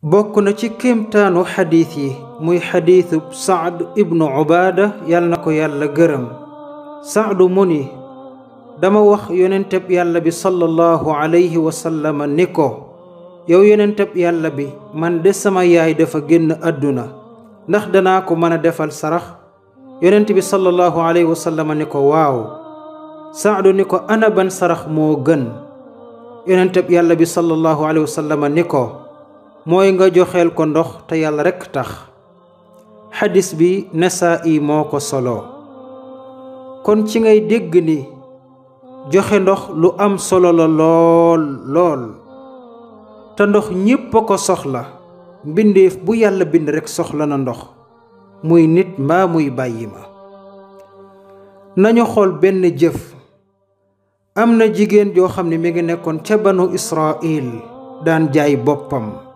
bokk na ci kéemtaanu xadiis yi muy xadiisub sacd ibnu cubaada yal na ko yàlla gërëm sacdu mu ni dama wax yonenteb yàlla bi sallallahu alayhi wa sallama ni ko yow yonenteb yàlla bi man de sama yaay dafa génn àdduna ndax danaa ko mën a defal sarax yonent bi sallallahu alayhi wa sallama ni ko waaw sacdu ni ko ana ban sarax moo gën yonenteb yàlla bi sallallahu alayhi wa sallama ni ko mooy nga joxeel ko ndox te yàlla rek tax xadis bi nasaa'i moo ko solo kon ci ngay dégg ni joxe ndox lu am solo la lool lool te ndox ñépp ko soxla mbindeef bu yàlla bind rek soxla na ndox muy nit mbaa muy bàyyi ma nañu xool benn jëf am na jigéen joo xam ne mi ngi nekkoon ca banu Israil daan jaay boppam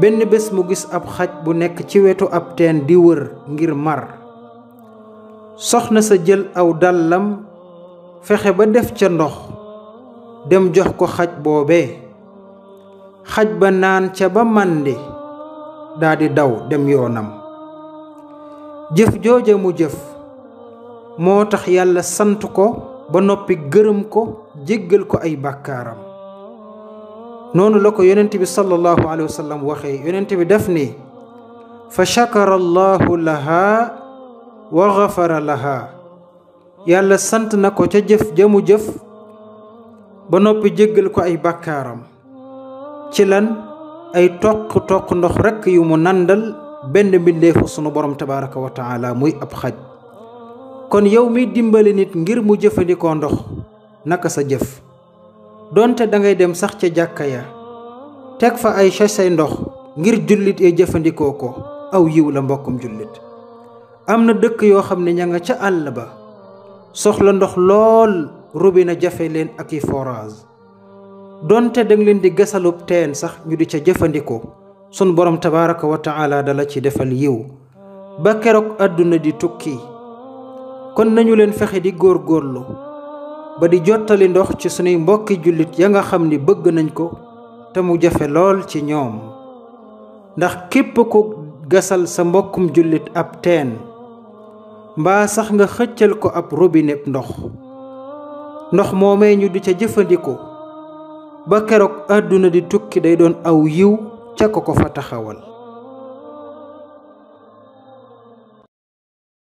benn bés mu gis ab xaj bu nekk ci wetu ab teen di wër ngir mar soxna sa jël aw dàllam fexe ba def ca ndox dem jox ko xaj boobee xaj ba naan ca ba màndi daldi daw dem yoonam jëf jooja mu jëf moo tax yàlla sant ko ba noppi gërëm ko jéggal ko ay bàkkaaram noonu la ko yonent bi sallallahu alayhi wa sallam waxee yonent bi def nii fa chakara allahu laha wa xafara laha yàlla sant na ko ca jëf jamu jëf ba noppi jéggal ko ay bakkaaram ci lan ay toq toq ndox rekk yu mu nandal benn mbindeefu sunu borom tabaraka wa taala muy ab xaj kon yow mi dimbali nit ngir mu jëfandikoo ndox naka sa jëf donte dangay dem sax ca jàkka ya teg fa ay sachet ndox ngir jullit ya jëfandikoo ko aw yiw la mbokkum jullit am na dëkk yoo xam ne ña nga ca àll ba soxla ndox lool robinet jafe leen ak i forage donte danga leen di gasalub teen sax ñu di ca jëfandikoo sun borom tabaaraka wa taala dala ci defal yiw ba keroog àdduna di tukki kon nañu leen fexe di góor góorlu ba di jottali ndox ci sunuy mbokki jullit ya nga xam ni bëgg nañ ko te mu jafe lool ci ñoom ndax képp ku gasal sa mbokkum jullit ab teen mbaa sax nga xëccal ko ab robinet ndox ndox moomee ñu di ca jëfandikoo ba keroog àdduna di tukki day doon aw yiw ca ko ko fa taxawal